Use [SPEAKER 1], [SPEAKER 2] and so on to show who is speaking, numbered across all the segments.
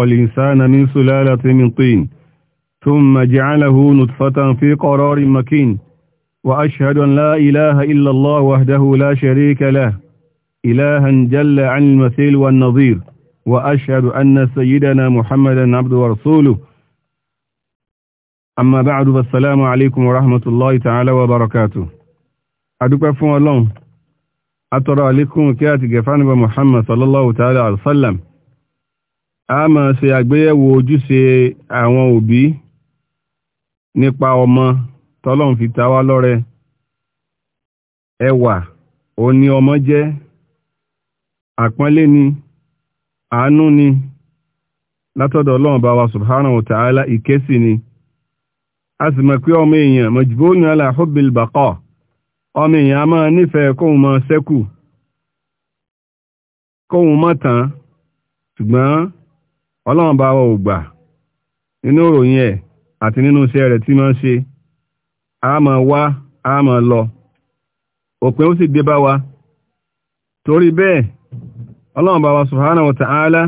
[SPEAKER 1] والإنسان من سلالة من طين ثم جعله نطفة في قرار مكين وأشهد أن لا إله إلا الله وحده لا شريك له إلها جل عن المثيل والنظير وأشهد أن سيدنا محمدا عبده ورسوله أما بعد فالسلام عليكم ورحمة الله تعالى وبركاته أدوك فون الله أترى عليكم كاتي جفان محمد صلى الله تعالى عليه وسلم a máa ṣe àgbéyẹ̀wò ojúṣe àwọn òbí nípa ọmọ tọ́lọ́run fi ta wá lọ́rẹ ẹwà ó ní ọmọ jẹ́ àpọ́nlé ni àánú ni látọ̀dọ̀ ọlọ́run bá wa subhanahu wa ta'ala ìkẹ́sì ni a sì mọ̀ pé ọmọ èèyàn majbunun ala hubbil baqa ọmọ èèyàn a máa nífẹ̀ẹ́ kóhun máa ṣẹ́kù kóhun mọ́ tán ṣùgbọ́n ọlọ́run bá wọn ò gbà nínú òròyìn ẹ̀ àti nínú iṣẹ́ rẹ̀ tí máa ń ṣe a máa wá a máa lọ òpin ó sì dé bá wa torí bẹ́ẹ̀ ọlọ́run bá wa subhanahu wa ta'ala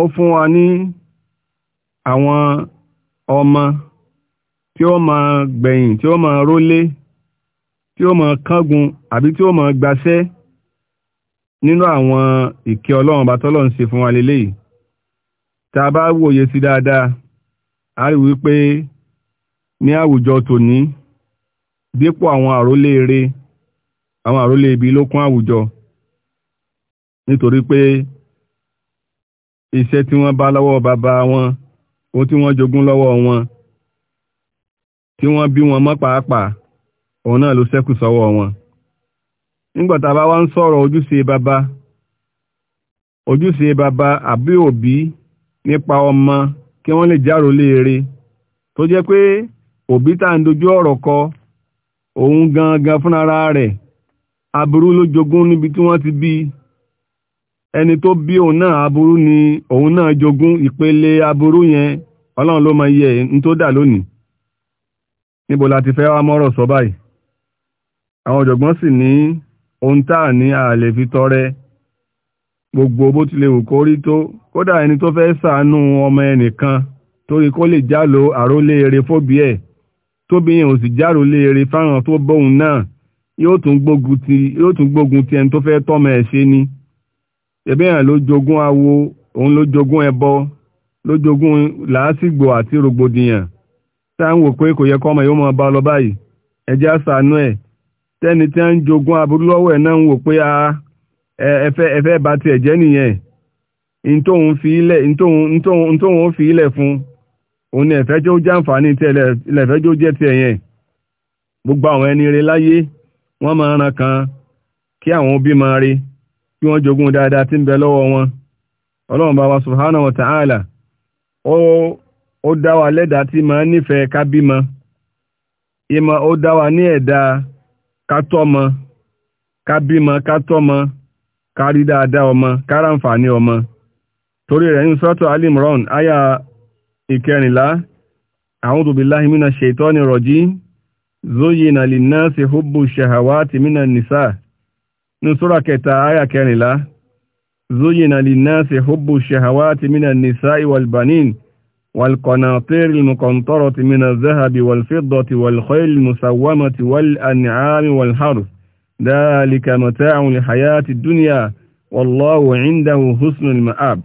[SPEAKER 1] ó fún wa ní àwọn ọmọ tí ó máa gbẹ̀yìn tí ó máa rólé tí ó máa kángun àbí tí ó máa gbaṣẹ́ nínú àwọn ìkẹ́ ọlọ́run bá tọ́lọ́run ṣe fún wa lélẹ́yìí tá a bá wòye sí dáadáa a rí wípé ní àwùjọ tòní dípò àwọn àrólé eré àwọn àrólé ibi ló kún àwùjọ nítorí pé iṣẹ́ tí wọ́n bá lọ́wọ́ bàbá wọn ohun tí wọ́n jogún lọ́wọ́ wọn tí wọ́n bí wọn mọ́ pàápàá òun náà ló ṣẹ́kù sọ́wọ́ wọn nígbà tá a bá wá ń sọ̀rọ̀ ojúṣe bàbá ojúṣe bàbá àbí òbí nípa ọmọ kí wọ́n lè járò léere tó jẹ́ pé òbí tá ń dojú ọ̀rọ̀ kọ òun gangan fúnra rẹ̀ aburú ló jogún níbi tí wọ́n ti bí ẹni tó bí òun náà aburú ni òun náà jogún ìpele aburú yẹn ọlọ́run ló mọ iye ń tó dà lónìí níbo la ti fẹ́ wá mọ́rọ̀ sọ báyìí àwọn ọ̀jọ̀gbọ́n sì ní ohun táà ní ààlè fi tọrẹ gbogbo bó ti lè wù kó rí tó kódà ẹni tó fẹ́ ṣàánú ọmọ ẹnìkan torí kó lè jálo àrólé eré fóbi ẹ̀ tóbìyàn ò sì járólé eré fáwọn tó bóun náà yóò tún gbógun ti ẹni tó fẹ́ tọ́mọ ẹ̀ ṣe ni ẹ̀bẹ́yàn ló jogún awo òun ló jogún ẹbọ ló jogún làásìgbò àti rògbòdìyàn tá à ń wò pé kò yẹ kọ́mọ yóò máa bá lọ báyìí ẹjẹ́ àṣàánú ẹ̀ tẹ́ni tí ń jogún aburú lọ́wọ́ ẹ̀ náà ń wò pé a ẹfẹ́ ẹfẹ́ bá tiẹ̀ jẹ́ nìyẹn ntóhun fi ntóhun fún òun ni ẹ̀fẹ́ tó jàǹfààní tiẹ̀ lẹ̀fẹ́ tó jẹ́ tiẹ̀ yẹn gbogbo àwọn ẹni rẹ láyé wọn máa ran kan kí àwọn òbí máa rí kí jogún dáadáa tí ń bẹ wọn bá wa wa ta'ala ó ó dá wa tí máa ká kárí dáadáa ọmọ káràǹfààní ọmọ torí rẹ̀ ní sọ́tọ̀ alimron aya ìkẹrìnlá a'udhu billahi minash shaitani rajim zoyina linnasi hubbu shahawati minan nisa ní sura kẹta aya kẹrìnlá zoyina linnasi hubbu shahawati minan nisa wal banin wal qanatir al muqantarati wal fiddati wal khayl al musawwamati wal an'ami wal harth dhalika mata'un lihayati dunya wallahu 'indahu husnul ma'ab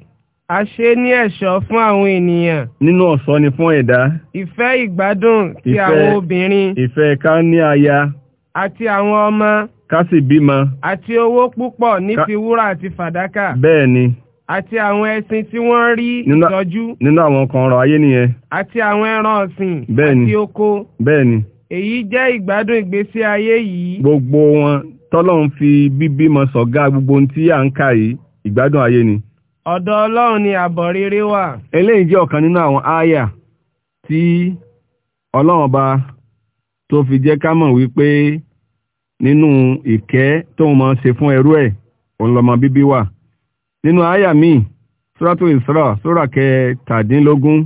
[SPEAKER 1] a ṣe ní ẹ̀ṣọ́ fún àwọn ènìyàn. nínú ọ̀ṣọ́ ni fún ẹ̀dá.
[SPEAKER 2] ìfẹ́ ìgbádùn ti àwọn obìnrin.
[SPEAKER 1] ìfẹ́ ká ní aya. àti àwọn ọmọ. ká bímọ.
[SPEAKER 2] àti owó púpọ̀ ní ti wúrà àti fàdákà. bẹ́ẹ̀ ni. àti àwọn ẹṣin tí wọ́n rí ìtọ́jú.
[SPEAKER 1] nínú àwọn kan ọrọ̀ ayé nìyẹn.
[SPEAKER 2] àti àwọn ẹran ọ̀sìn.
[SPEAKER 1] àti oko. bẹ́ẹ̀ ni
[SPEAKER 2] èyí jẹ́ ìgbádùn ìgbésí ayé yìí.
[SPEAKER 1] gbogbo wọn tọ́lọ́run fi bíbímọ sọ̀gá gbogbo ohun tí à ń kà yìí ìgbádùn ayé ni. ọ̀dọ̀ ọlọ́run ni àbọ̀ rere wà. eléyìí jẹ́ ọ̀kan nínú àwọn ááyà tí ọlọ́run bá tó fi jẹ́ ká mọ̀ wípé nínú ìkẹ́ tóun máa ń ṣe fún ẹrú ẹ̀ òun lọ́mọ bíbí wà. nínú ááyà míì sóràtò ìsra sóra kẹtàdínlógún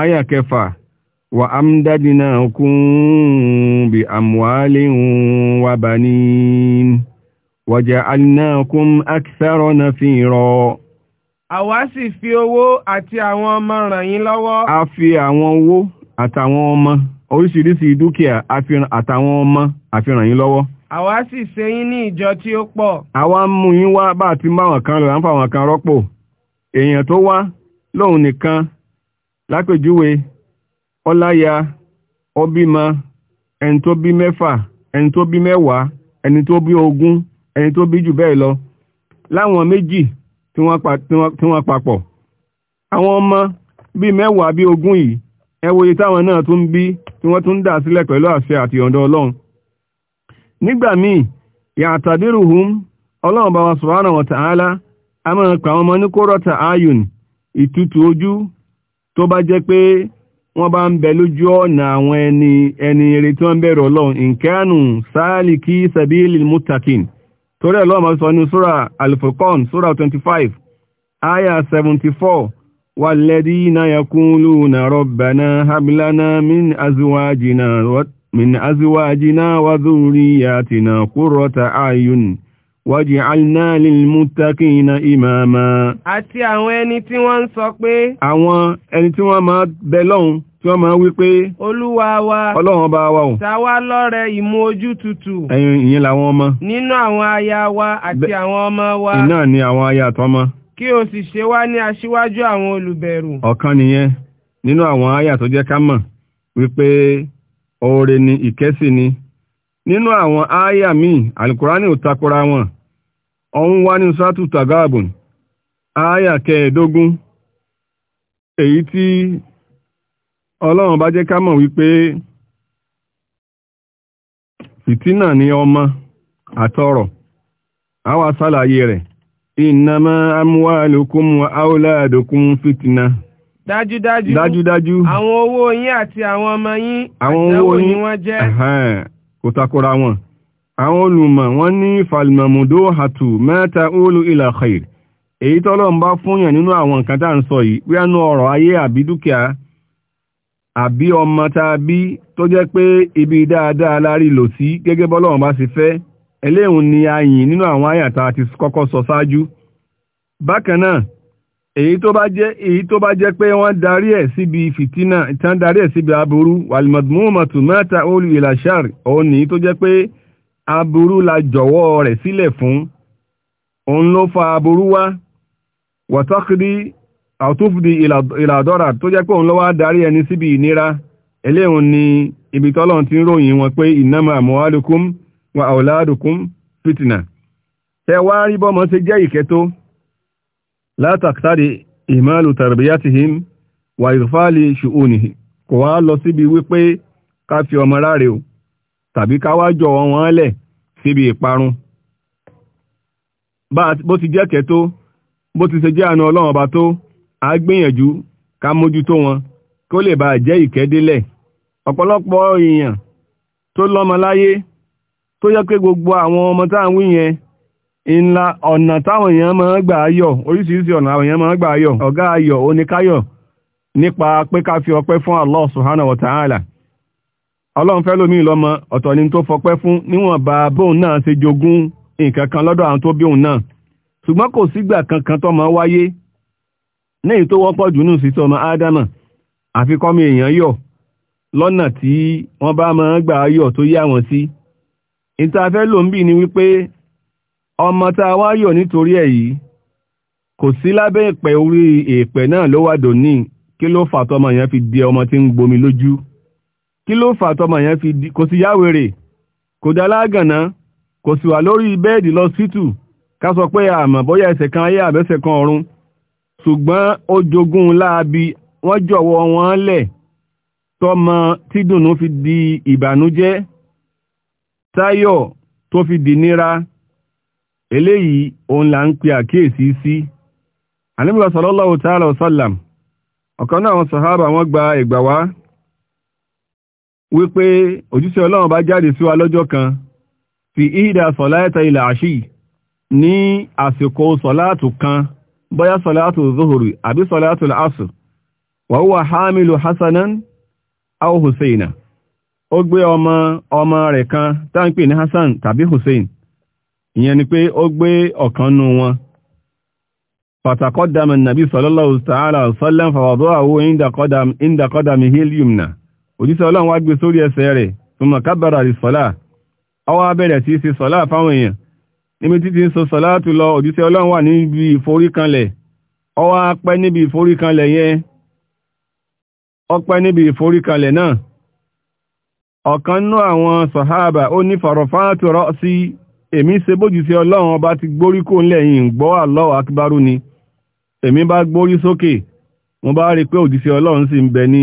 [SPEAKER 1] ááyà kẹfà وأمددناكم بأموال وبنين وجعلناكم أكثر نفيرا àwa
[SPEAKER 2] sì fi owó
[SPEAKER 1] àti àwọn ọmọ ràn yín lọ́wọ́. a fi àwọn owó àtàwọn ọmọ oríṣiríṣi dúkìá àtàwọn ọmọ a fi ràn yín lọ́wọ́.
[SPEAKER 2] àwa sì ṣe yín ní ìjọ tí ó pọ̀.
[SPEAKER 1] àwa mú yín wá bá àti báwọn kan lọ láǹfà àwọn kan rọ́pò èèyàn tó wá lóun nìkan lápèjúwe ọláya ọbímọ ẹni tó bí mẹ́fà ẹni tó bí mẹ́wàá ẹni tó bí ogún ẹni tó bí jù bẹ́ẹ̀ lọ láwọn méjì tí wọ́n papọ̀ àwọn ọmọ bíi mẹ́wàá bíi ogún yìí ẹ wo iye táwọn náà tún bí tí wọ́n tún dà sílẹ̀ pẹ̀lú àṣẹ àti ọ̀dọ̀ ọlọ́run nígbà míì yàtàdírùhùn ọlọ́run bá wa subhanahu wa ta'ala a máa pa àwọn ọmọ ní kórọ́tà ayùn ìtutù ojú tó bá jẹ́ pé wọ́n bá ń bẹ lójú ọ̀nà àwọn ẹni ẹni eré tí wọ́n bẹ̀rẹ̀ ọlọ́run ìkẹ́ànù sáàlì kí sẹ̀bílì mútàkín torí ọlọ́run máa sọ ní sóra alifurkan sóra 25 aya 74 waj'alna lilmuttaqina imama.
[SPEAKER 2] àti àwọn ẹni tí wọ́n ń sọ pé.
[SPEAKER 1] àwọn ẹni tí wọ́n máa bẹ lọ́hùn tí wọ́n máa wí pé.
[SPEAKER 2] olúwa wa.
[SPEAKER 1] ọlọ́run bá wa o.
[SPEAKER 2] ta wá lọ́rẹ ìmú ojú tutù.
[SPEAKER 1] ẹyin ìyẹn làwọn ọmọ.
[SPEAKER 2] nínú àwọn aya wa ati àwọn ọmọ wa. iná
[SPEAKER 1] ni àwọn aya àtọmọ.
[SPEAKER 2] Ki o sì ṣe wá ní aṣíwájú àwọn olùbẹ̀rù.
[SPEAKER 1] ọ̀kan nìyẹn nínú àwọn aya tó jẹ́ ká mọ̀ wípé oore ni ìkẹ́sì ni nínú àwọn aya míì alukurani ò takora wọn ọ̀hún wá ní sátù tagabun èyí tí ọlọ́run bá jẹ́ ká mọ̀ wípé fìtínà ni ọmọ àtọrọ̀ a wá ṣàlàyé rẹ̀ ìnàmà amúwàlùkún aúláàdùkún fìtínà dájúdájú dájúdájú àwọn owó yín àti àwọn ọmọ yín àwọn owó yín wọ́n jẹ́ kò wọn àwọn olùmọ̀ wọ́n ní falmamudo hatu mẹ́ta olú ilà khair èyí tọ́lọ́n bá fúnyàn nínú àwọn nǹkan tá ń sọ yìí pé ẹnu ọ̀rọ̀ ayé àbí dúkìá àbí ọmọ tá a bí tó jẹ́ pé ibi dáadáa lárí lò sí gẹ́gẹ́ bọ́lọ́run bá sì fẹ́ eléhùn ni a yìn nínú àwọn àyàtà àti kọ́kọ́ sọ ṣáájú bákan náà èyí tó bá jẹ́ èyí tó bá jẹ́ pé wọ́n darí ẹ̀ síbi fìtínà ìtàn darí ẹ̀ síbi aburú wàlìmọ̀dúnmọ́tù mẹ́ta òun nìyí tó jẹ́ pé aburú la jọ̀wọ́ rẹ̀ sílẹ̀ fún òun ló fa aburú wá wọ̀tọ́kìdí àtúfdì ìlàdọ́ra tó jẹ́ pé òun ló wá ẹni síbi ìnira eléhùn ni ibi tọ́lọ́n ti ń ròyìn wọn pé ìnáma wa àwòládùkún fìtìnà tẹ wá rí bọ́mọ ṣe jẹ́ ìkẹ́tó látàkítàrí ìmáàlù tàrbíyàtìhìm wà ìrùfáàlì ṣùgbọ́n kò wá lọ síbi wípé ká fi ọmọ ráre o tàbí ká wá jọ̀wọ́ wọn lẹ̀ síbi ìparun bó ti jẹ́ kẹ́ tó bó ti ṣe jẹ́ àánú ọlọ́run ọba tó a gbìyànjú ká mójútó wọn kó lè bàa jẹ́ ìkẹ́délẹ̀ ọ̀pọ̀lọpọ̀ èèyàn tó lọ́mọ láyé tó yẹ pé gbogbo àwọn ọmọ tá à ń wí yẹn ńlá ọ̀nà táwọn èèyàn máa ń gbà yọ̀ oríṣiríṣi ọ̀nà àwọn èèyàn máa ń gbà yọ̀ ọ̀gá ayọ̀ oníkáyọ̀ nípa pé ká fi ọpẹ́ fún Allah subhanahu wa ta'ala ọlọ́run fẹ́ lómi lọ́mọ ọ̀tọ̀ ni tó fọpẹ́ fún níwọ̀nba bóun náà ṣe jogún nǹkan kan lọ́dọ̀ àwọn tó bí òun náà ṣùgbọ́n kò sígbà kankan tọ́mọ wáyé lẹ́yìn tó wọ́pọ̀ jù nù sísọ ọmọ ádámà àfikọ́mi èèyàn yọ̀ lọ́nà tí wọ́n bá máa ń gbà yọ̀ tó yá wọn sí ìtafẹ́ ló ń bì ní wípé ọmọ tá a wá yọ̀ nítorí ẹ̀ yìí kò sí lábẹ́ ìpẹ́ orí èèpẹ̀ náà ló wà dòní kí ló fà tọmọ yẹn fi di ọmọ tí ń gbomi lójú kí ló fà tọmọ yẹn fi kò sí yáwèrè kò dá lágànná kò sì wà lórí bẹ́ẹ̀dì lọ sítù ká sọ pé àmọ́ bóyá ẹsẹ̀ kan ayé àbẹ́sẹ̀ kan ọ̀run ṣùgbọ́n ó jogún láabi wọ́n jọ̀wọ́ wọn lẹ̀ tọmọ tí dùnú fi di ìbànújẹ́ táyọ̀ tó fi di nira eléyìí òun là ń pe àkíyèsí sí àníbìlọ́sọ̀lọ́lọ́wọ́ tààlà ọ̀sọ́làm ọ̀kan náà àwọn sàhábà wọ́n gba ìgbà wá wípé òjíṣẹ́ ọlọ́run bá jáde sí wa lọ́jọ́ kan fi ìdá sọ̀láẹ́ta ilẹ̀ àṣì ní àsìkò sọ̀láàtù kan bóyá sọ̀láàtù zuhuri àbí sọ̀láàtù asù wa huwa hamilu hasanan aw husseina ó gbé ọmọ ọmọ rẹ̀ kan táǹpì ní hassan tàbí hussein ìyẹn ni pé ó gbé ọ̀kan nú wọn pàtàkọ́dàmì nàbí sallallahu ta'ala sallam fàwọ̀dọ́ àwọn òjíṣẹ́ ọlọ́run wá gbé sórí ẹsẹ̀ rẹ̀ tó mọ̀ kábàrà rí sọ́lá ọwọ́ abẹ́rẹ̀ tí í ṣe sọ́lá fáwọn èèyàn níbi títí ń sọ sọ́lá tó lọ òjíṣẹ́ ọlọ́run wà níbi ìforíkanlẹ̀ ọwọ́ apẹ́ níbi ìforíkanlẹ̀ yẹn ọpẹ́ níbi ìforíkanlẹ̀ náà ọ̀kan nú àwọn sàhábà ó ní fàrọ̀fáàtò rọ́ sí èmi ṣe bójúṣe ọlọ́run ọba ti gbórí kò ń gbọ́ Allahu akíbárú ni èmi bá gbórí sókè mo bá rí pé òjíṣẹ́ ọlọ́run sì ń bẹ ní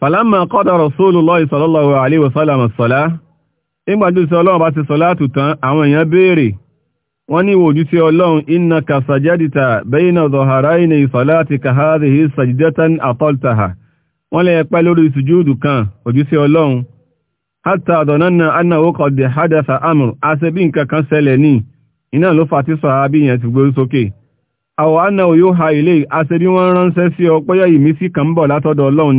[SPEAKER 1] falamma qada rasulullahi sallallahu alaihi wasallam as-sala ìgbàjú sí ọlọ́run bá ti sọlá àtùtàn àwọn ya béèrè wọ́n ní ìwòjú sí ọlọ́run innaka sajadta bayna dhahrayni salatika hadhihi sajdatan ataltaha wọ́n lẹ́yẹ pẹ́ lórí sùjúdù kan ojú sí ọlọ́run kan ṣẹlẹ̀ ní iná ló fà tí sọ̀hábí yẹn ti gbórí sókè àwọ̀ annáwó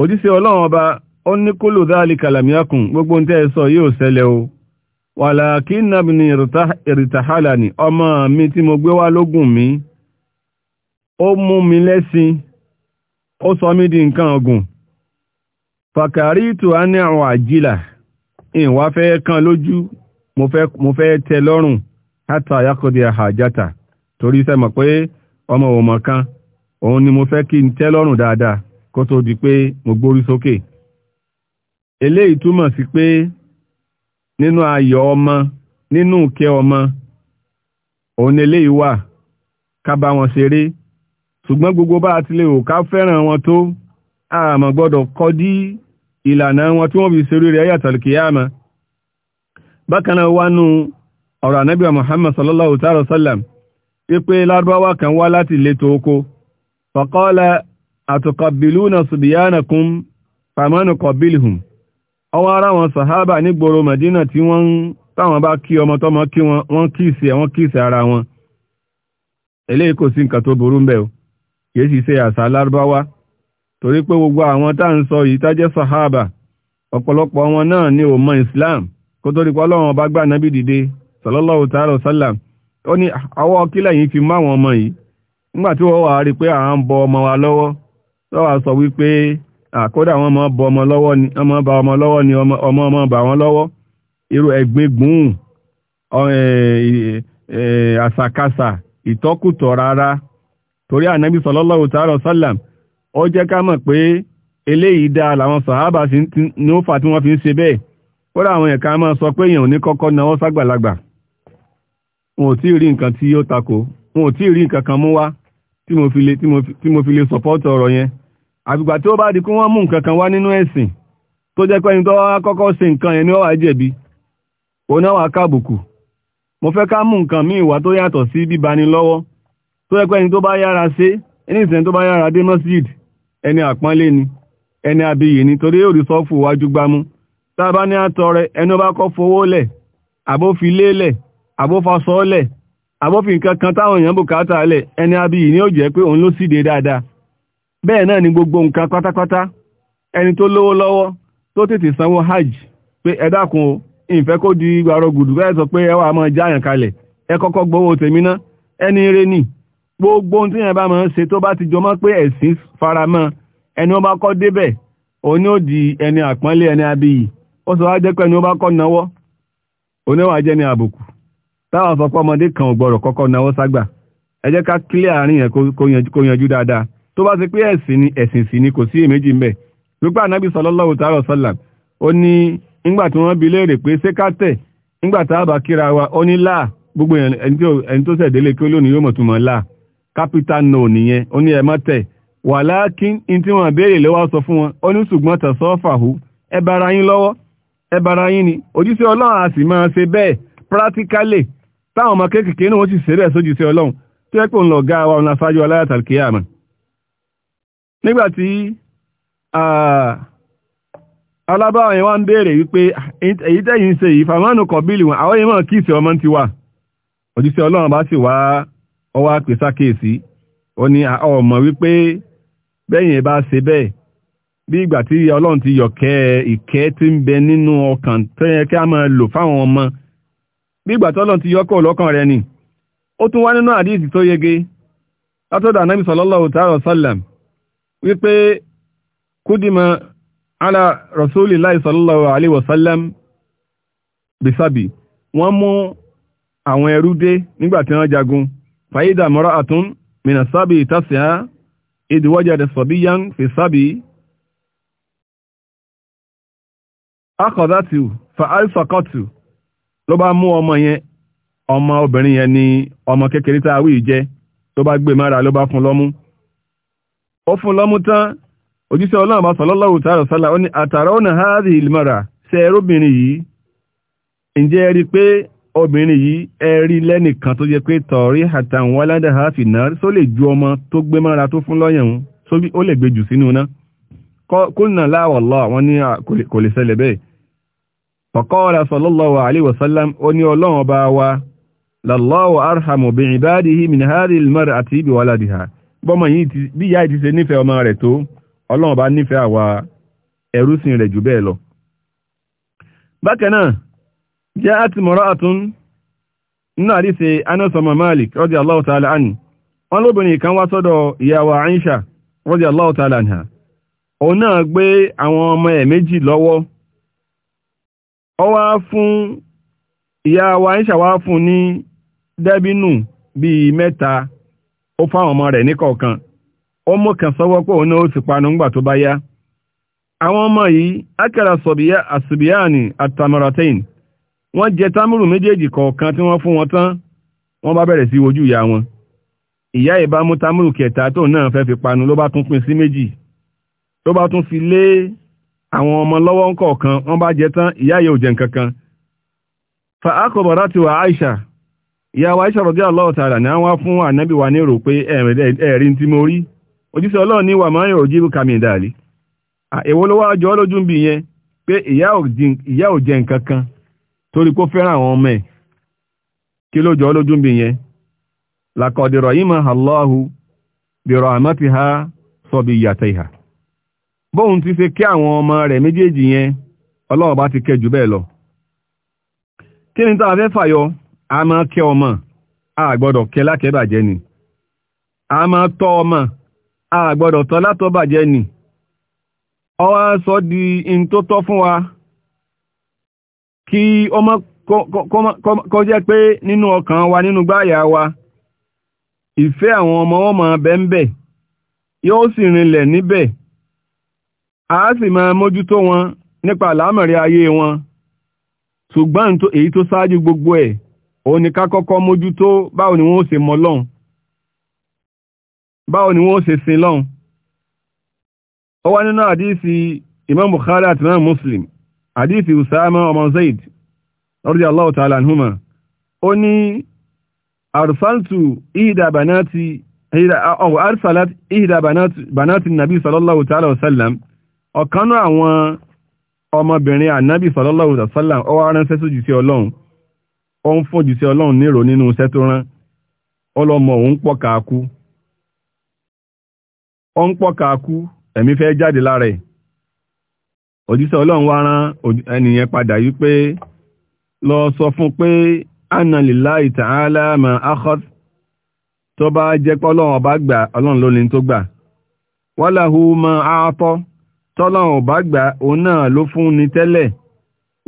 [SPEAKER 1] òjíṣẹ́ ọlọ́run ọba ó ní kúlù dhalika lam yakun gbogbo ń tẹ́ sọ yóò o walakinna ibni ní ọmọ mi tí mo gbé wá lógún mi ó mú mi lẹ́sìn ó sọ mí di nǹkan Fàkàrí á ní àwọn kan lójú mo fẹ́ tẹ lọ́rùn hátà torí sẹ́mọ̀ pé ọmọ òmọ̀ kan kó tó di pé mo gbórí sókè eléyìí túmọ̀ sí pé nínú ayọ̀ ọmọ nínú ìkẹ́ ọmọ òun eléyìí wà ká bá wọn ṣeré ṣùgbọ́n gbogbo bá a ti lè ò ká fẹ́ràn wọn tó àmọ́ gbọ́dọ̀ kọdí ìlànà wọn tí wọ́n fi ṣeré rẹ̀ ayàtàlùkì yáàmà bákan náà wá nú ọ̀rọ̀ ànábì Muhammad sallallahu ta'ala sallam wípé lárúbáwá kan wá láti ìletò oko faqala àtùkọ̀bìlúnà sùdíyánàkún fàmánù kọ̀bìlìhùn ọwọ́ ara wọn sàhábà nígboro Madina tí wọ́n bá kí ọmọ wọn kí wọ́n ara wọn eléyìí sí nǹkan tó burú mbẹ̀ o kìí sì ṣe àṣà torí pé gbogbo àwọn tá ni mọ Islam kó tó gbà nábì dìde ó ní kílẹ̀ yìí fi máwọn ọmọ yìí wọ́n wà rí lọ́wọ́ sọ wípé àkódà wọn mọ́ bọ ọmọ lọ́wọ́ ni ọmọ bá ọmọ lọ́wọ́ ni ọmọ ọmọ bá wọn lọ́wọ́ irú ẹ̀gbin gbùn àṣàkáṣà ìtọ́kùtọ̀ rárá torí ànábì sallallahu ta'ala sallam ó jẹ́ ká mọ̀ pé eléyìí dáa làwọn sàhábà sí ní ó fà tí wọ́n fi ń ṣe bẹ́ẹ̀ kódà àwọn ẹ̀ka máa sọ pé èèyàn ní kọ́kọ́ náwó ságbàlagbà wọn ò tí ì rí nǹkan tí ó tako wọn ò tí ì rí nǹkan kan mú wá tí mo fi lè tí ọrọ yẹn tí ó bá di kí mú nǹkan kan wá nínú ẹ̀sìn tó jẹ́ pẹ́ni tó wá kọ́kọ́ ṣe nǹkan yẹn ní ó jẹ̀bi òun fẹ́ ká mú nǹkan míì wá tó yàtọ̀ sí bíbani lọ́wọ́ tó jẹ́ pẹ́ni bá yára ẹni tó bá yára dé ẹni àpọ́nlé ni ẹni ni torí àbọ́fin nǹkan kan táwọn èèyàn bùkátà lẹ̀ ẹni abiyì ní ó jẹ́ pé òun ló síde dáadáa bẹ́ẹ̀ náà ni gbogbo nǹkan pátápátá ẹni tó lówó lọ́wọ́ tó tètè sanwó hajj pé ẹ dákun o ìfẹ́ kó di gbàrọ gùdù bẹ́ẹ̀ sọ pé ẹwà máa jáyàn kalẹ̀ ẹ kọ́kọ́ gbowó tèmi ná ẹni rẹ nì gbogbo ohun tí yẹn bá máa ń ṣe tó bá ti jọmọ́ pé ẹ̀sìn faramọ́ ẹni ó bá kọ́ débẹ̀ òun ó di ẹni àpọ́nlé ẹni abiyì ó sọ wá jẹ́ pé ẹni ó bá kọ́ náwọ́ òun ó wá jẹ́ ni àbùkù táwọn sọ ọmọdé kan ò kọkọ kọ́kọ́ náwó ságbà ká kílẹ̀ àárín yẹn kó yanjú dáadáa tó bá ti pé ẹ̀sìn ni ẹ̀sìn ni kò sí èméjì ń bẹ̀ wọ́n bi léèrè pé ṣé ká tẹ̀ tá a bá kíra wa ó ní gbogbo ẹni tó kí olóòní yóò láà nìyẹn ó ní ẹ tẹ̀ in tí wọ́n béèrè lọ́wọ́ sọ fún wọn ó bara yín lọ́wọ́ ẹ bara yín ni táwọn ọmọ kéékèèké náà wọ́n sì sẹ́rẹ̀ sójú sí ọlọ́run tó yẹ lọ gá wa ọ̀nà aṣáájú aláyàtàlùkíyàmà nígbà tí alábáwọn yẹn wá ń béèrè wípé èyí tẹ́yìn ṣe yìí fàmánù wọn àwọn èèyàn kí ìṣẹ́ ọmọ ti wà òjíṣẹ́ ọlọ́run bá sì wá sákèèsí ó ní ọmọ wípé ti yọ̀kẹ́ ìkẹ́ tí ń bẹ nínú ọkàn tẹ́yẹ kí a máa bí ìgbà tọ́lọ́n ti yọ́kọ̀ lọ́kàn rẹ̀ ni ó tún wá nínú àdíìsì tó yege látọ́dà náà sallallahu ta'ala sallam wípé kúdìmọ̀ ala rasulillahi sallallahu alaihi wasallam bisabi wọ́n mú àwọn ẹrú dé nígbà tí wọ́n jagun fàyídà mọ́rọ́ àtún mìnà sábì ìtàsíá ìdíwọ́jáde sọ̀bíyàn fi sábì akọ̀dátù fa alfakọ̀tù ló bá mú ọmọ yẹn ọmọ obìnrin yẹn ni ọmọ kékeré tá a wí jẹ tó bá gbé mára ló bá fún lọ́mú ó fún lọ́mú tán òjíṣẹ́ ọlọ́run bá sallallahu ta'ala sálà ó ní àtàrà ó ní hafi náà lè ju ọmọ tó gbé mára tó fún lè gbé jù sínú náà kó fọ̀kọ́ọ̀lá sọlọ́lọ́wà aléwòsálám ó ní ọlọ́run ọba wa lọ́lọ́wọ́ arhamu bí ìbáàdìhì minhari ilmar àti ibi wà ládìhà bọ́mọ̀ yìí bí ìyá ìti ṣe nífẹ̀ẹ́ ọmọ rẹ̀ tó ọlọ́run ọba nífẹ̀ẹ́ àwa ẹrúsìn rẹ̀ jù bẹ́ẹ̀ lọ. bákan náà jẹ́ àti mọ̀rọ̀ àtún nínú àdíṣe anásọmọ malik rọ́dí aláwọ̀ àwọn ọmọ ọ wá fún ìyá wa Aisha wá fún ní dẹ́bínù bíi mẹ́ta ó fáwọn ọmọ rẹ̀ níkọ̀ọ̀kan ó mú kan sọ́wọ́ pé òun náà ó sì panu ńgbà tó bá yá àwọn ọmọ yìí akẹ́ra àṣùbíyàní àtàmọ̀ràtẹ́yìn wọ́n jẹ támúrù méjèèjì kọ̀ọ̀kan tí wọ́n fún wọn tán wọ́n bá bẹ̀rẹ̀ sí wojú ìyá wọn ìyá ìbá mú kẹta tó náà fẹ́ fi panu ló bá tún pín sí méjì ló bá tún fi lé àwọn ọmọ lọ́wọ́ ń kọ̀ọ̀kan wọ́n bá jẹ tán ìyá yóò jẹ fa akọ̀bọ̀rá ti wà Aisha ìyàwó Aisha rọ̀dí aláwọ̀tàrà ní àwọn fún ànábì wa ní rò pé ẹ̀rí tí mo rí òjíṣẹ́ Ọlọ́run ní wà máa yóò jí kàmì ìdàlí èwo ló wá jọ lójú yẹn pé ìyá ò jẹ torí kó fẹ́ràn àwọn ọmọ ẹ̀ kí ló jọ lójú yẹn yìí máa bìrọ̀ àmọ́ ti ha sọ bí ìhà bóun ti ṣe kí àwọn ọmọ rẹ̀ méjèèjì yẹn ọlọ́ọ̀bá ti kẹ́ jù bẹ́ẹ̀ lọ kí ni táa fẹ́ fàyọ a máa kẹ́ ọmọ a gbọ́dọ̀ kẹ́ lákẹ́bàjẹ́ ni a máa tọ́ ọmọ a gbọ́dọ̀ látọ́bàjẹ́ ni ọwá sọ di in tó tọ́ fún wa kí ọmọ kó pé nínú ọkàn wa nínú gbáyà wa ìfẹ́ àwọn ọmọ wọn máa bẹ́ẹ̀ yóò sì rinlẹ̀ níbẹ̀ a sì máa mójútó wọn nípa àlámọ̀rí ayé wọn ṣùgbọ́n èyí tó ṣáájú gbogbo ẹ̀ òun ni ká kọ́kọ́ mójútó báwo ni wọ́n ó ṣe mọ lọ́hùn báwo ni wọ́n ó ṣe sin lọ́hùn ó wá nínú àdíìsì imam bukhari àti imam muslim àdíìsì usama ọmọ zaid radiyallahu ta'ala anhuma ó ní arsaltu ihda banati ihda aw arsalat ihda banati banati nabi sallallahu ta'ala wa sallam ọ̀kanú àwọn ọmọbìnrin ànábì sallallahu alaihi wasallam ó wá ránṣẹ́ sójú sí ọlọ́run ó ń fún jùsẹ́ ọlọ́run nírò nínú iṣẹ́ tó rán ọlọ́mọ òun pọ̀ káàkú ó ń pọ̀ káàkú ẹ̀mí fẹ́ jáde lára ẹ̀ òjíṣẹ́ ọlọ́run wá rán ẹnìyẹn padà yí pé lọ sọ fún pé anna lillahi ta'ala ma akhadh tó bá jẹ́ pé ọlọ́run ọba gbà ọlọ́run ló tó gbà walahu ma a'ta tọ́lọ́run ò bá gbà òun náà ló fún ni tẹ́lẹ̀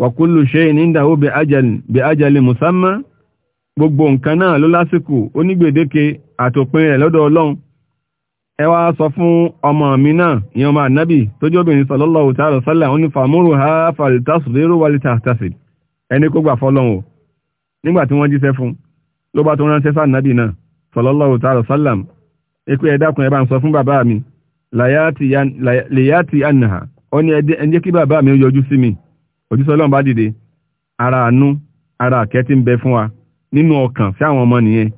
[SPEAKER 1] wa kullu shay'in indahu bi ajalin bi ajalin musamma gbogbo nǹkan náà ló lásìkò onígbèdéke àtòpin rẹ̀ lọ́dọ̀ ọlọ́run ẹ wá sọ fún ọmọ mi náà ìyẹn ànábì tó jóbìnrin sallallahu ta'ala ń sọ fún bàbá mi lèyàtì ànàhà ó ní ẹjẹ́ kí bàbá mi yọjú sí mi òjíṣẹ́ ọlọ́run bá dìde ara àánú ara àkẹ́ tí ń bẹ fún wa nínú ọkàn sí àwọn ọmọ nìyẹn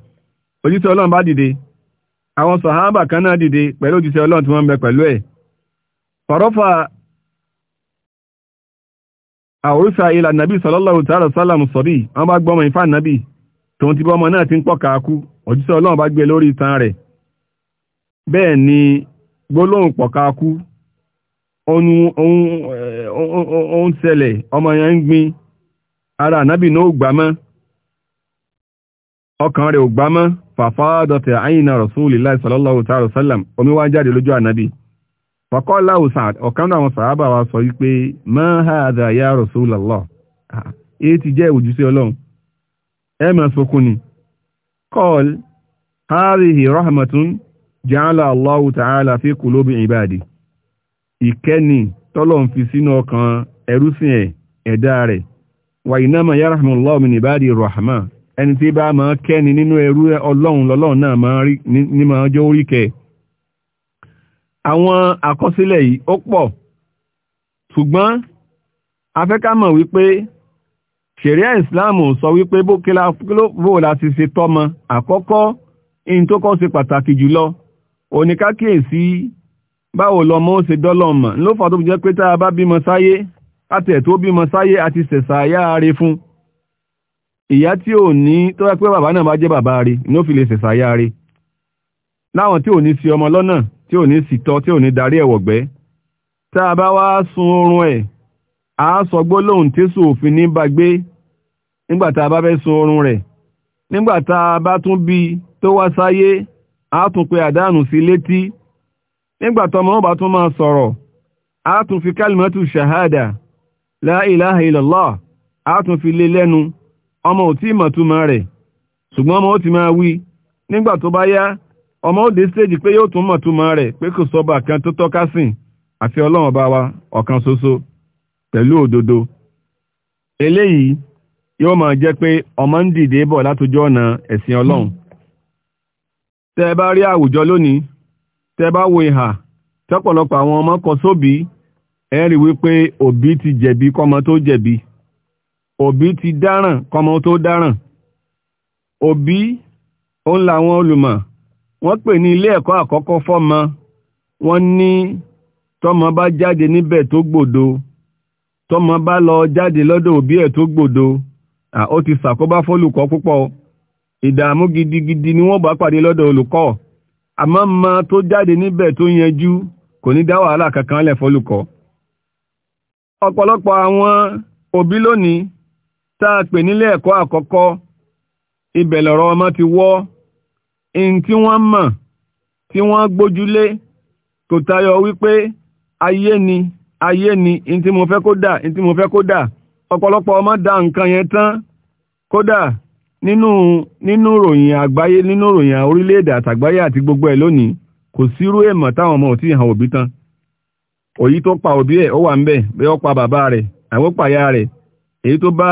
[SPEAKER 1] òjíṣẹ́ ọlọ́run bá dìde àwọn sàhábà kan náà dìde pẹ̀lú òjíṣẹ́ ọlọ́run tí wọ́n bẹ pẹ̀lú ẹ̀ sallallahu ta'ala sálàmù sọ̀rí wọ́n bá gbọ́mọ ìfà nàbí tòun ti bọ́mọ náà ti ń pọ̀ bẹ́ẹ̀ ni gbólóhùn pọ̀kákú ohun ọmọ yẹn ń gbin ara ànábì náà gbà mọ́ ọkàn rẹ̀ ò gbà mọ́ fàfádọ́tẹ̀ àyìnà sallallahu ta'ala sallam omi wá jáde lójú ànábì fàkọ́lá ọ̀kan náà àwọn ma jàálà Allahu ta'ala fi kùlóbi ìbàdì ìkẹ́ni tọ́lọ̀n fi sínú ọkàn ẹrúsìn ẹ̀ ẹ̀dá rẹ̀ wà ìnáma yarhamullahu min ìbàdì rahma ẹni tí bá máa kẹ́ni nínú ẹrú ọlọ́run lọ́lọ́run náà ní máa jọ orí kẹ àwọn àkọsílẹ̀ yìí ó pọ̀ ṣùgbọ́n afẹ́kámọ̀ wípé ṣẹ̀ríà ìsìláàmù sọ wípé bó la ti ṣe tọ́mọ àkọ́kọ́ in tó kọ́ ṣe pàtàkì jùlọ oníkákèésí báwo lọmọ ó ṣe dọ́lọ́mọ̀ ló fà tó jẹ́ pé tá a bá bímọ sáyé àtẹ̀ tó bímọ sáyé àti sẹ̀sà ayá rẹ fún ìyá tí ò ní tó yẹ pé bàbá náà bá jẹ́ bàbá rẹ ní ó fi lè sẹ̀sà ayá rẹ láwọn tí ò ní sí ọmọ lọ́nà tí ò ní sì tọ́ tí ò ní darí ẹ̀wọ̀gbẹ́ tá a bá wá sun oorun ẹ̀ a sọ gbólóhùn tí sòfin ní bá nígbà tá a bá fẹ́ sun oorun rẹ̀ nígbà tá a bá tún bí tó wá sáyé a tún pe àdánù sí létí nígbà tọ́mọ ó bá tún máa sọ̀rọ̀ a ṣàhádà la ilaha a fi lé lẹ́nu ọmọ òtí tí rẹ̀ ṣùgbọ́n ọmọ ó ti máa wí nígbà tó bá yá ọmọ ó dé stéèjì pé yóò tún rẹ̀ pé kò kan tó tọ́ka sìn ọlọ́run wa ọ̀kan ṣoṣo pẹ̀lú òdodo eléyìí yóò máa jẹ́ tẹ́ bá rí àwùjọ lónìí tẹ́ bá wo ìhà tọ́pọ̀lọpọ̀ àwọn ọmọ kọ sóbì ẹ rí wípé òbí ti jẹ̀bi kọ́mọ tó jẹ̀bi òbí ti dáràn kọ́mọ tó dáràn òbí òun làwọn olùmọ̀ wọ́n pè ní ilé ẹ̀kọ́ àkọ́kọ́ fọ́mọ wọ́n ní tọ́mọ bá jáde níbẹ̀ tó gbòdo tọ́mọ bá lọ jáde lọ́dọ̀ òbí ẹ̀ tó gbòdo ó ti ṣàkóbá fólùkọ́ púpọ̀ ìdààmú gidigidi ni wọ́n bá pàdé lọ́dọ̀ olùkọ́ àmọ́ ma tó jáde níbẹ̀ tó yanjú kò ní dá wàhálà kankan lẹ̀ fọ́lùkọ́ ọ̀pọ̀lọpọ̀ àwọn òbí lónìí tá a pè nílé ẹ̀kọ́ àkọ́kọ́ ibẹ̀ lọ̀rọ̀ ọmọ ti wọ́ in tí wọ́n mọ̀ tí wọ́n gbójúlé kò tayọ wípé ayé ni ayé ni in tí mo fẹ́ kó dà in tí mo fẹ́ kó dà ọ̀pọ̀lọpọ̀ ọmọ dá nǹkan yẹn tán kódà nínú nínú ròyìn àgbáyé nínú ròyìn orílẹ̀-èdè àtàgbáyé àti gbogbo ẹ̀ lónìí kò sírú èmọ̀ táwọn ọmọ tí ìhàn òbí tán òyí tó pa òbí ẹ̀ ó wà ń bẹ̀ bí ó pa bàbá rẹ̀ àwọn pa ìyá rẹ̀ èyí tó bá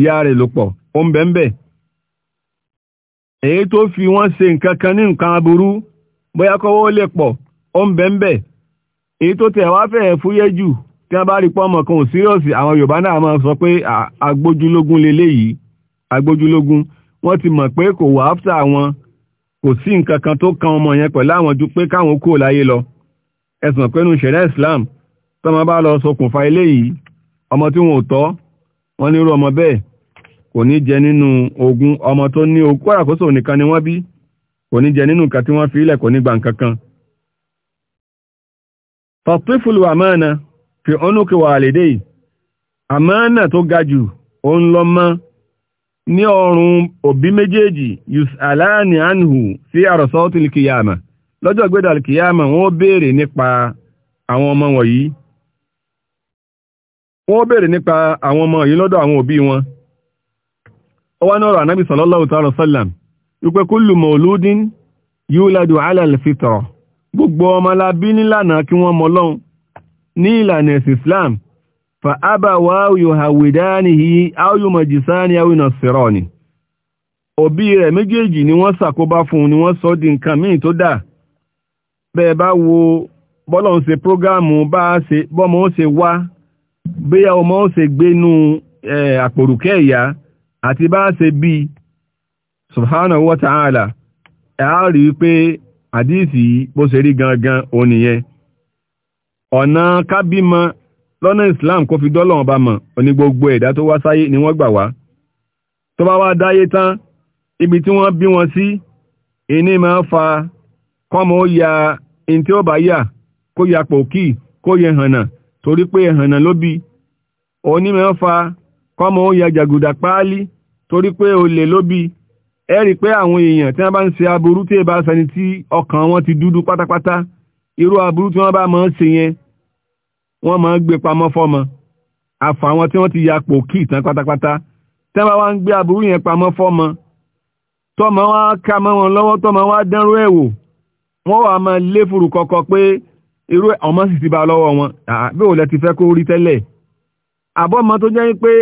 [SPEAKER 1] ìyá rẹ̀ lò pọ̀ ó ń bẹ̀ ń bẹ̀ èyí tó fi wọ́n ṣe nǹkan kan ní nǹkan aburú bóyá kọ́wọ́ lè pọ̀ ó ń bẹ̀ ń bẹ̀ èyí tó tẹ̀ wá fẹ́ fúyẹ́ jù tí wọ́n bá rí pọ́nmọ̀ kan ò sírọ̀sì àwọn Yorùbá náà máa sọ pé agbójúlógún leléyìí agbójúlógún wọ́n ti mọ̀ pé kò wá áfítà wọn kò sí nǹkan kan tó kan ọmọ yẹn pẹ̀lú àwọn ju pé káwọn kúrò láyé lọ ẹ̀sùn pẹ́nu ìṣẹ̀lẹ̀ Islam tọ́mọ bá lọ ṣokùnfà eléyìí ọmọ tí wọn ò tọ́ wọ́n nírú ọmọ bẹ́ẹ̀ kò ní jẹ nínú ogún ọmọ tó ní ogún kọ́ràkóso nìkan ni wọ́n bí kò ní jẹ nínú nǹkan tí wọ́n fi ilẹ̀ kò ní gba nǹkan kan. tọ́tífùlù àmánà fi ọ́nùkẹwà àlédè àmánà tó ga jù òun lọ mọ́ ní ọrùn obi méjèèjì yusalani anhu sí àrọ̀sọ́ tìlìkìyàmà lọ́jọ́ gbẹ́dà kìyàmà wọ́n bèèrè nípa àwọn ọmọ wọ̀nyí wọ́n béèrè nípa àwọn ọmọ yìí lọ́dọ̀ àwọn òbí wọn ó wá nọ́rọ̀ ànábì sallallahu fa ábàwá yòhàwìdánihi áyùmọ̀jìsáni áwìnàṣìrọ̀ni òbí rẹ̀ méjèèjì ni wọ́n ṣàkóbá fún ni wọ́n sọ di nǹkan míì tó dà bẹ́ẹ̀ bá wo bọ́lọ̀ ń ṣe prógámù bá ṣe bọ́mọ ó se wá bóyá ọmọ ó ṣe gbénú àpòrùkẹ́ ìyá àti bá ṣe bí subhanahu wa ta'ala ẹ̀ á rí pé àdíìsì bó ṣe rí gangan òun nìyẹn ọ̀nà kábímọ lọ́nà Islam kó fi dọ́lọ́wọ́n bá mọ̀ oní gbogbo ẹ̀dá tó wá sáyé ni wọ́n gbà wá tó bá wá dáyé tán ibi tí wọ́n bí wọn sí ìní máa fa kọ́mọ ó ya in tí ó bá yà kó ya pòkì kó yẹ hànà torí pé hànà ló bí òní máa fa kọ́mọ ó ya jàgùdà páálí torí pé olè ló bí ẹ rí pé àwọn èèyàn tí wọ́n bá ń ṣe aburú tí ì bá sẹni tí ọkàn wọn ti dúdú pátápátá irú aburú tí wọ́n bá máa ń ṣe yẹn wọ́n máa ń gbé pamọ́ fọ́mọ àfà àwọn tí wọ́n ti ya pò kí ìtàn pátápátá tẹ́ bá wá ń gbé aburú yẹn pamọ́ fọ́mọ tọ́mọ wá ká mọ́ wọn lọ́wọ́ tọ́mọ wá dánrú ẹ̀ wò wọ́n wà máa lé fùrù kọ́kọ́ pé irú ọmọ sì ti bá lọ́wọ́ wọn bí òun lẹ ti fẹ́ kó rí tẹ́lẹ̀ àbọ́mọ tó jẹ́ pé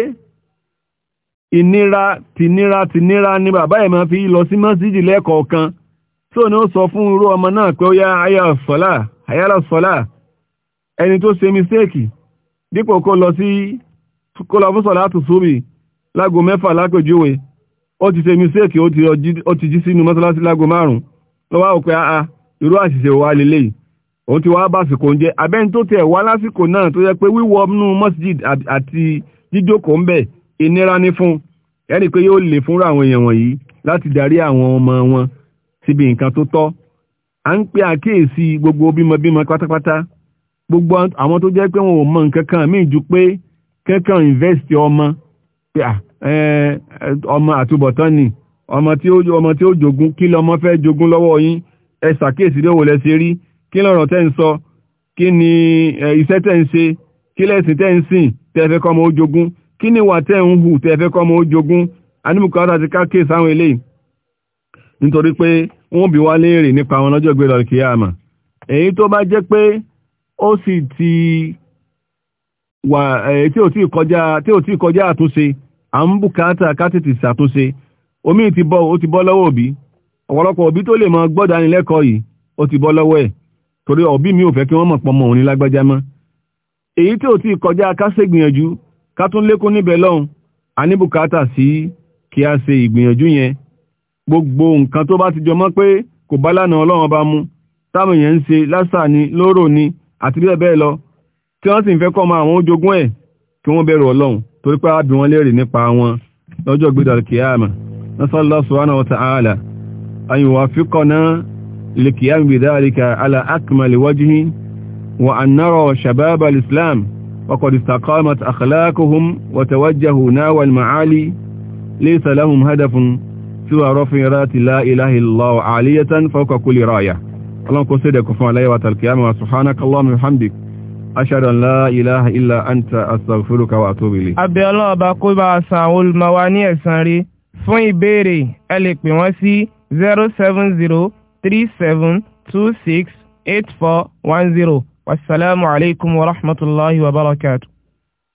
[SPEAKER 1] ìnira tìnira tìnira ni bàbá ẹ̀ máa fi lọ sí mọ́sídìí lẹ́kọ̀ọ̀kan tó ní ó sọ fún irú ọmọ náà pé ó yá ayálà sọ́lá ayálà sọ́lá ẹni tó ṣe mistéèkì dípò kó lọ sí kó lọ fún sọ̀látù súbì lágo mẹ́fà lápèjúwe ó ti ṣe mistéèkì ó ti jí sínú mọ́sálásí lágo márùn-ún lọ́wọ́ òpin àá irú àṣìṣe wà lélẹ́yìí òun ti wá básìkò oúnjẹ abẹ́ni tó tẹ̀ wá lásìkò náà tó yẹ pé wíwọ inú masjid àti jíjókòó ń bẹ̀ ìnira ní fún ẹni pé yóò lè fúnra àwọn èèyàn wọ̀nyí láti darí àwọn ọmọ wọn síbi nǹkan tó tọ́ à ń pe àkíyèsí gbogbo bímọbímọ pátápátá gbogbo àwọn tó jẹ́ pé wọn ò mọ nǹkan kan míì ju pé kẹ́kàn invest ọmọ pé ọmọ àtúbọ̀tán ni ọmọ tí ó ọmọ tí ó jogun kí lọmọ fẹ́ jogun lọ́wọ́ yín ẹ ṣàkíyèsí lówó lẹ ṣe rí kí lọ̀rọ̀ tẹ́ ń sọ kí ni iṣẹ́ tẹ́ ń ṣe kí lẹ́sìn tẹ́ ń sìn tẹ́ fẹ́ kọ́mọ ó jogun kí ni ìwà tẹ́ ń hù tẹ́ fẹ́ kọ́mọ ó jogun anímùkọ́ àti káàkiri sáwọn eléyìí nítorí pé wọ́n bí wá léèrè nípa àwọn ọlọ́jọ́ ìgbélọ̀ kìí àmà èyí tó bá jẹ́ pé ó sì ti wà tí ò tí kọjá tí ò tí kọjá àtúnṣe à ń bùkátà kátìtì ṣàtúnṣe omi ti bọ́ ó ti bọ́ lọ́wọ́ òbí ọ̀pọ̀lọpọ̀ òbí tó lè mọ gbọ́dánilẹ́kọ̀ọ́ yìí ó ti bọ́ lọ́wọ́ ẹ̀ torí òbí mi ò fẹ́ kí wọ́n mọ̀ pọmọ òun ní lágbájá mọ́ èyí tí ò tí kọjá ká ṣe gbìyànjú ká tún lékún níbẹ̀ lọ́hùn a ní bùkátà sí kí a ṣe ìgbìyànjú yẹn gbogbo nǹkan tó bá ti jọ mọ́ pé kò bá lánàá ọlọ́run bá mú táwọn èèyàn ń ṣe lásà ni lóró ni àti bẹ́ẹ̀ bẹ́ẹ̀ lọ tí wọ́n sì ń fẹ́ kọ́ ọmọ àwọn ojogún ẹ̀ kí wọ́n bẹ̀rù ọlọ́run torí pé á bi wọ́n léèrè nípa wọn lọ́jọ́ gbé dàlkìyàmà وقد استقامت أخلاقهم وتوجهوا نحو المعالي ليس لهم هدف سوى رفع لا إله إلا الله عالية فوق كل راية ọlọ́run kó sí ẹ̀dẹ̀kùn fún aláyẹ̀wà tàlkìyàmù wa subhanaka allahumma wa hamdik ashhadu an la ilaha illa anta astaghfiruka wa atubu ilayk.
[SPEAKER 2] abẹ́ ọlọ́run ọba kó bá a san àwọn olùmọ̀ wa ní ẹ̀san rí fún ìbéèrè ẹ lè pè wọ́n sí zero seven zero three seven two six eight four one zero wasalaamualeykum wa rahmatulahi wa barakatu.